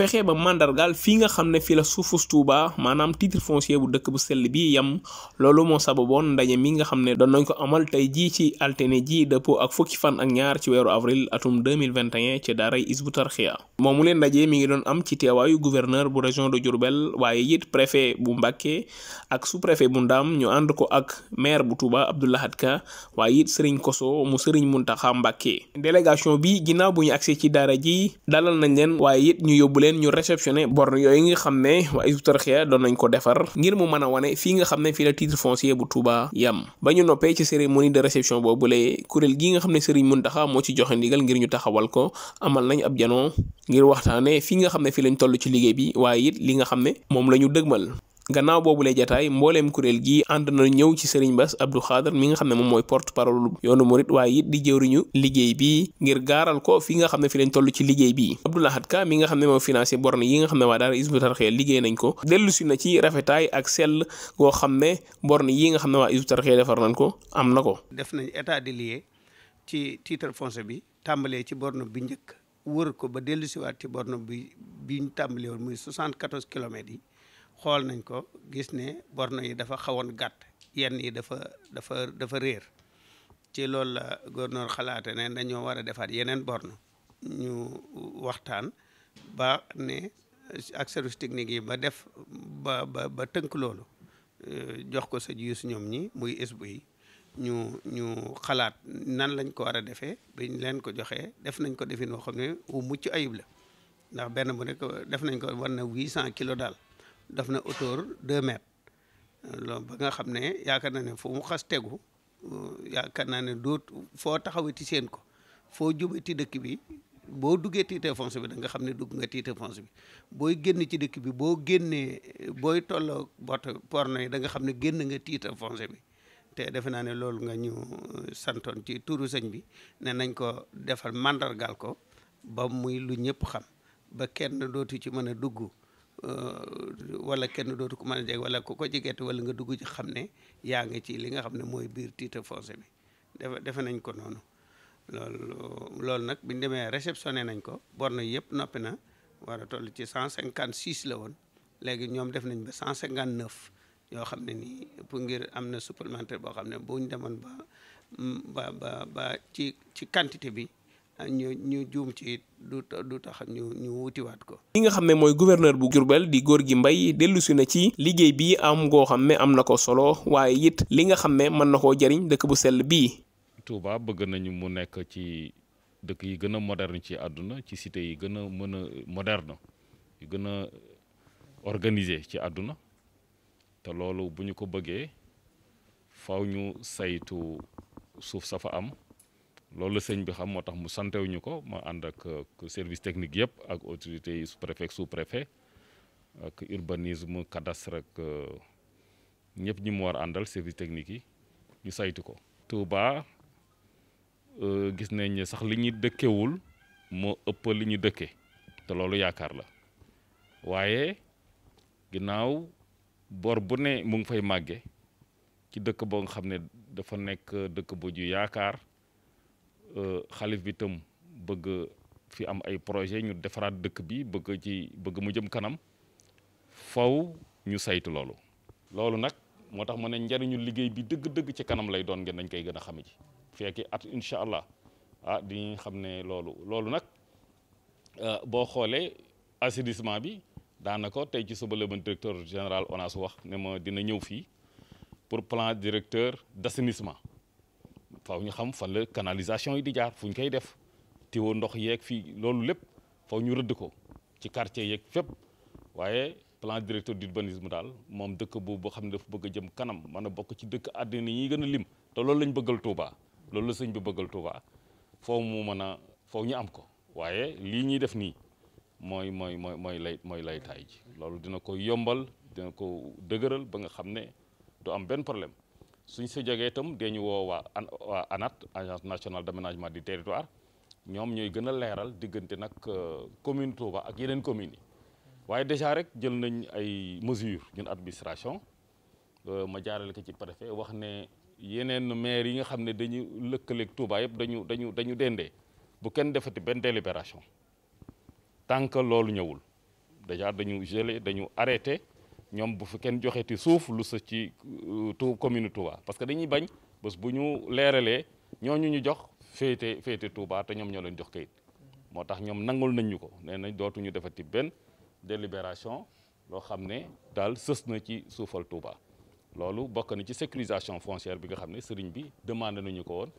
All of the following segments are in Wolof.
fexe ba màndargaal fii nga xam ne fii la suufus Touba maanaam titre foncier bu dëkk bu sell bi yam loolu moo sababoon ndaje mi nga xam ne doon nañ ko amal tey jii ci altine ji dëppoo ak fukki fan ak ñaar ci weeru avril atum 2021 ci daaray Hizbut Tarqiyyah moomu leen ndaje mi ngi doon am ci teewaayu gouverneur bu région de Diourbel waaye it préfet bu Mbacké ak sous-préfet bu Ndam ñu ànd ko ak maire bu Touba Abdou Lahad Ka waaye it Serigne Kosso mu sëriñ Mountakha Mbacké délégation bi ginnaaw ji leen ñu réceptionné borne yooyu nga xam ne waa Hizbut doon nañ ko defar ngir mu mën a wane fii nga xam ne fii la titre foncier bu Touba yam ba ñu noppee ci cérémonie de réception boobu lee kuréel gi nga xam ne Serigne Mountakha moo ci joxe ndigal ngir ñu taxawal ko amal nañ ab janoo ngir waxtaane fii nga xam ne fii lañ toll ci liggéey bi waaye it li nga xam ne moom la ñu dëgmal gannaaw boobu lay jataay mbooleem kuréel gi ànd na ñëw ci Serigne Bass Abdou Khadre mi nga xam ne moom mooy porte parole yoonu murit waaye it di jëwriñu liggéey bi ngir gaaral ko fi nga xam ne fi lañ toll ci liggéey bi Abdou Lahad Ka mi nga xam ne moo financé borne yi nga xam ne waa daara Hizbut Tarqiyyah liggéey nañ ko dellusi na ci rafetaay ak sell goo xam ne borne yi nga xam ne waa Hizbut Tarqiyyah defar nañ ko am na ko def nañ état di lieux ci titre foncier bi tàmbalee ci borne bi njëkk wër ko ba dellusiwaat ci borne bi bi ñu tàmbalee woon muy 74 kilomètres yi xool nañ ko gis ne borno yi dafa xawoon gàtt yenn yi dafa dafa dafa réer ci loolu la gouverneur xalaate ne dañoo war a defaat yeneen borno ñu waxtaan ba ne ak service technique yi ba def ba ba tënk loolu euh, jox ko sa jius ñoom ñi muy isbu yi ñu ñu xalaat nan lañ ko war a defee bañ leen ko joxee def nañ ko defin woo xam ne wu mucc ayib la ndax benn bu nekk def nañ ko war na huit cent kilos daal def na autor deux mètres loolu ba nga xam ne yaakaar naa ne fu mu xas tegu yaakaar naa ne doot foo taxaweti seen ko foo ci dëkk bi boo duggee titre foncier bi da nga xam ne dugg nga titre foncier bi booy génn ci dëkk bi boo génnee booy tolloo bot porno yi da nga xam ne génn nga titre foncier bi te defe naa ne loolu nga ñu uh, santoon ci turu sëñ bi ne nañ ko defal mandargal ko ba muy lu ñëpp xam ba kenn dootu ci mën a dugg Euh, wala kenn dootu ko mën a jege wala ku ko jegeete wala nga dugg ci xam ne yaa ngi ci li nga xam ne mooy biir titre foncier bi defe defe nañ ko noonu loolu loolu nag biñ demee réceptionné nañ ko borne yëpp noppi na war a toll ci cent cinquante six la woon léegi ñoom def nañ ba cent cinquante neuf yoo xam ne nii pour ngir am na supplémentaire boo xam ne bu ñu demoon ba ba ba ba ci ci quantité bi ñu ñu juum ci du du tax ñu ñu wutiwaat ko. li nga xam ne mooy gouverneur bu Diourbel di góor gi mbay dellusi na ci liggéey bi am ngoo xam ne am na ko solo waaye it li nga xam ne mën na koo jariñ dëkk bu sell bii. Touba bëgg nañu mu nekk ci dëkk yi gën a moderne ci àdduna ci cité yi gën a mën a moderne yi gën a organisé ci àdduna te loolu bu ñu ko bëggee faw ñu saytu suuf sa fa am. loolu la sëñ bi xam moo tax mu santewuñu ko ma ànd ak service technique yëpp ak autorités yi préfet sous préfet ak urbanisme cadastre ak euh, ñëpp ñi mu war àndal service technique yi ñu saytu ko. Touba euh, gis nañ ne sax li ñuy dëkkewul moo ëpp li ñu dëkke te loolu yaakaar la waaye ginnaaw bor bu ne mu ngi fay màggee ci dëkk boo nga xam ne dafa nekk dëkk booju yaakaar. Euh, xalif bi tam bëgg fi am ay projet ñu defaraat dëkk bi bëgg ci bëgg mu jëm kanam faw ñu saytu loolu loolu nag moo tax ma ne njariñu liggéey bi dëgg-dëgg ci kanam lay doon ngeen dañ koy gën a xame ci fekki at incha allah ah di xam ne loolu loolu nag euh, boo xoolee assainissement bi daanaka tey ci suba la ma directeur général ONAS wax ne ma dina ñëw fii pour plan directeur d' assainissement faw ñu xam fan la canalisation yi di jaar fu ñu koy def tiwo ndox yeeg fii loolu lépp faw ñu rëdd ko ci quartier yeeg fépp waaye plan directeur du d'urbanisme daal moom dëkk boobu boo xam ne dafa bëgg a jëm kanam mën a bokk ci dëkk àddina yi gën a lim te loolu lañ bëggal loolu la sëñ bi bëggal Touba foo mu mën a foo ñu am ko waaye lii ñuy def nii mooy mooy mooy mooy lay mooy laytaay ji loolu dina ko yombal dina ko dëgëral ba nga xam ne du am benn problème suñ sa jógee itam dee ñu woo waa waa ANAT agence nationale d'aménagement di territoire ñoom ñooy gën a leeral diggante nag euh, commune Touba ak yeneen commune yi waaye déjà rek jël nañ ay mesures ñun administration euh, ma jaarale ko ci préfet wax ne yeneen maire yi nga xam ne dañu lëkkaleeg Touba yëpp dañu dañu dañu dendee bu kenn defati benn délibération tant que loolu ñëwul déjà dañu gelé dañu arrêté ñoom bu fi kenn joxee ti suuf lu sa ci euh, tu commune Touba parce que dañuy bañ bés bu ñu leeralee ñoo ñu ñu jox féete féete Touba te ñoom ñoo leen jox kayit moo tax ñoom nangul nañ ñu ko nee nañ dootuñu defati benn délibération loo xam ne daal sës na ci suufal Touba loolu bokk na ci sécurisation foncière bi nga xam ne sëriñ bi demandé nañu ko woon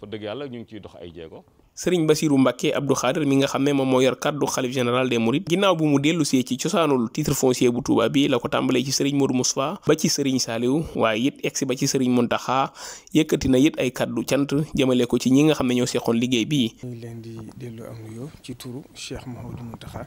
fa dëgg yàlla ñu ngi ciy dox ay jéego. sëriñ Bassirou Mbacké Abdou Khadir mi nga xam ne moom moo yor kaddu xalif général des mourides ginnaaw bu mu dellu see ci cosaanul titre foncier bu Touba bi la ko tàmbalee ci sëriñ Modou Moustapha ba ci sëriñ Saliou waaye it egsi ba ci sëriñ Mountakha yëkkati na it ay kàddu cant jëmale ko ci ñi nga xam ne ñoo seqoon liggéey bi ñu leen di dellu am nuyoo ci turu Cheikh Mouhamadou Mountakha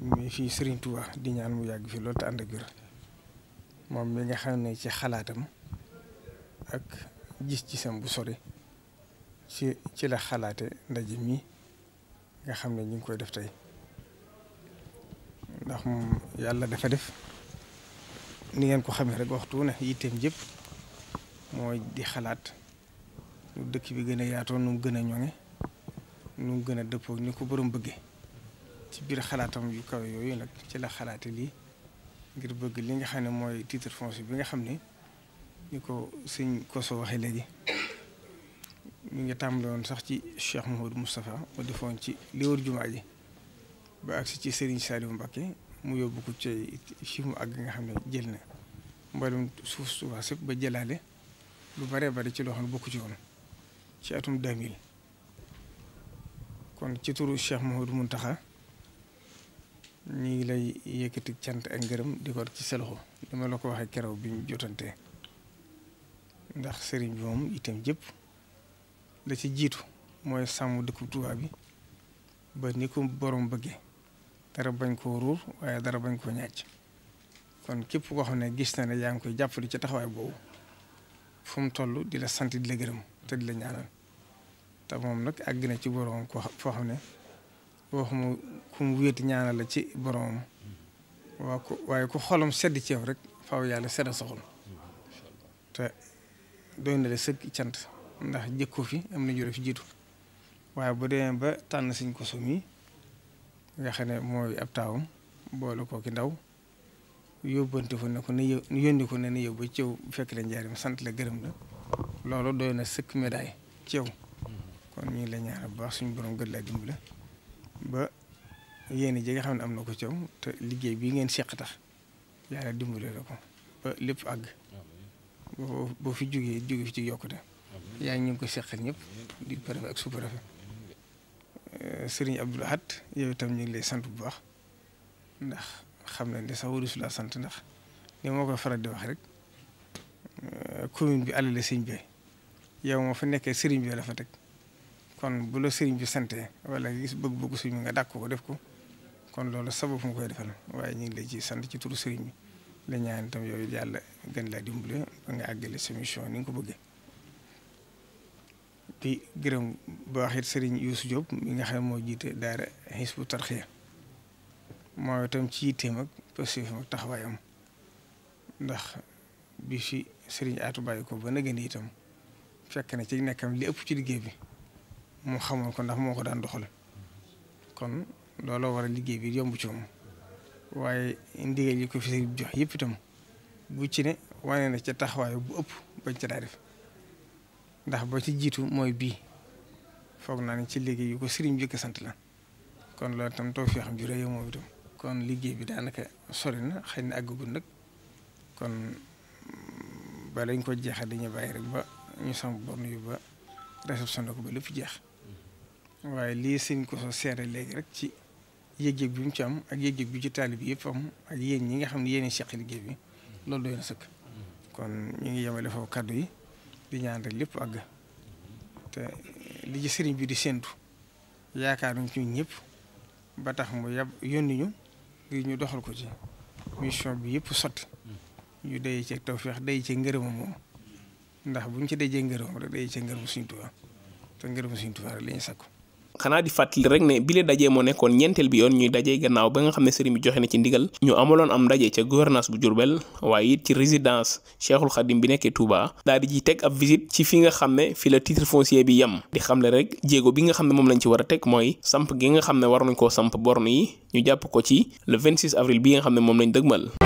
mi fii sëriñ Touba di ñaan mu yàgg fi loolu te ànd ak moom mi nga xam ne ci xalaatam gis-gisam bu sori ci ci la xalaate ndaje mi nga xam ne ñu ngi koy def tey ndax moom yàlla dafa def ni ngeen ko xamee rek waxtu ne yitteem jëpp mooy di xalaat nu dëkk bi gën a yaatoo nu gën a ñoŋe nu gën a dëppoo ni ko borom bëggee ci biir xalaatam yu kaw yooyu nag ci la xalaate lii ngir bëgg li nga xam ne mooy titre foncier bi nga xam ne ñu ko sëñ Koso waxee léegi mu ngi tàmbale woon sax ci Cheikh Mouhamadou Moustapha mu defoon ci li wër jumaa ji ba agsi ci Serigne Saliou Mbacké mu yóbbu ko ci fi mu àgg nga xam ne jël na mbalum suuf Tuubaa ba jëlaale lu bare bari ci loo xam ne bokku ci woon ci atum 2000 kon ci turu Cheikh Mouhamadou Mountakha ñu ngi lay yëkkati cant ak ngërëm di ko ci sa loxo la ko waxee keroog bi ñu jotantee ndax sëriñ bi moom itam jëpp la ci jiitu mooy sàmm dëkku tubaab bi ba ni ko borom bëggee dara bañ koo ruur waaye dara bañ koo ñàcc kon képp koo xam ne gis na ne yaa ngi koy jàppale ci taxawaay boobu fu mu toll di la sant di la gërëm te di la ñaanal te moom nag àgg na ci boromam ko xam ne waxuma ku mu wéet ñaanal la ci boromam waa ko waaye ku xolam sedd ci rek faaw yàlla sedd soxal te doy na la sëkk cant ndax jëkko fi am na jure fi jiitu waaye bu demee ba tànn siñ ko sumi nga xam ne mooy ab taawam boole koo ki ndaw yóbbante fa ne ko na yë yónni ko ne na yow ba ceew bu fekk la njaarim sant la gërëm la loolu doy na sëkk médaille ceew kon ñu ngi la ñaar bu baax suñu borom gën laa dimbale ba yéen ji xam ne am na ko ceew te liggéey bi ngeen seq tax yàlla dimbale la ko ba lépp àgg. boo fi jógee jóge fi ci yokkute mhm. yaa ngi ñu ko seqal ñëpp di préfet ak su sous-préfet euh, sëriñ Abdoul Ahad yow itam ñu ngi lay sant bu baax ndax xam nañ ne sax waru su laa sant ndax ni moo koy faral di wax rek euh, commune bi àll sëñ bi yow moo fa nekkee sëriñ bi la fa teg kon bu la sëriñ bi santee wala gis bëgg-bëgg suñu nga dàq ko def ko kon loolu sabab mu koy defal waaye ñu ngi sant ci turu sëriñ bi la ñaan itam yooyu yàlla gën laa dimbale ba nga àggale sa mission ni nga ko bëggee di gërëm baax it sëriñ Youssou Diop mi nga xam ne moo jiite daara Hizbut Tarqiyyah mooy itam ci yitteem ak positif ak taxawaayam ndax bi fi sëriñ Atou bàyyi ko ba nagant itam fekk na ci nekkam li ëpp ci liggéey bi mu xamoon ko ndax moo ko daan doxal kon looloo war a liggéey bi yomb ci moom waaye ndigal yi ko fi jox yëpp itam. bu ci ne wane na ca taxawaayu bu ëpp bañ ca daa def ndax ba ci jiitu mooy bii foog naa ne ci liggéey yu ko sëriñ bi sant la kon loolu itam too fi xam ju rëy moom kon liggéey bi daanaka sori na xëy na àggagul nag kon ba lañ ko jeexal dañu bàyyi rek ba ñu sam borne yu ba réception na ko ba lépp jeex waaye lii sëñ ko soo seere léegi rek ci yëg-yëg bi mu ci am ak yëg-yëg bi ci taalib bi yëpp am ak yéen ñi nga xam ne yéen seq liggéey bi loolu doy na sëkk kon ñu ngi yemale foofu kàddu yi di ñaan rek lépp agg te li ci sëriñ bi di séntu yaakaaruñ ci ñëpp ba tax mu yab yónni ñu ñu doxal ko ci mission bi yëpp sotti ñu day ci feex day ci ngërëmam moom ndax buñ ci dajee ngërëmam rek day ci ngërëmu Sëriñ Tuubaa te ngërëmu Sëriñ Tuubaa rek la sakku. xanaa di fàttali rek ne bile dajee moo nekkoon ñeenteel bi yoon ñuy dajee gannaaw ba nga xam ne sëriñ bi joxe na ci ndigal ñu amaloon am ndaje ca gouvernance bu Diourbel waaye it ci résidence Cheikhul Khadim bi nekkee Touba daal di ci teg ab visite ci fi nga xam ne fi la titre foncier bi yem di xamle rek jéego bi nga xam ne moom lañ ci war a teg mooy samp gi nga xam ne war nañ ko samp borne yi ñu jàpp ko ci le 26 avril bi nga xam ne moom lañ dëgmal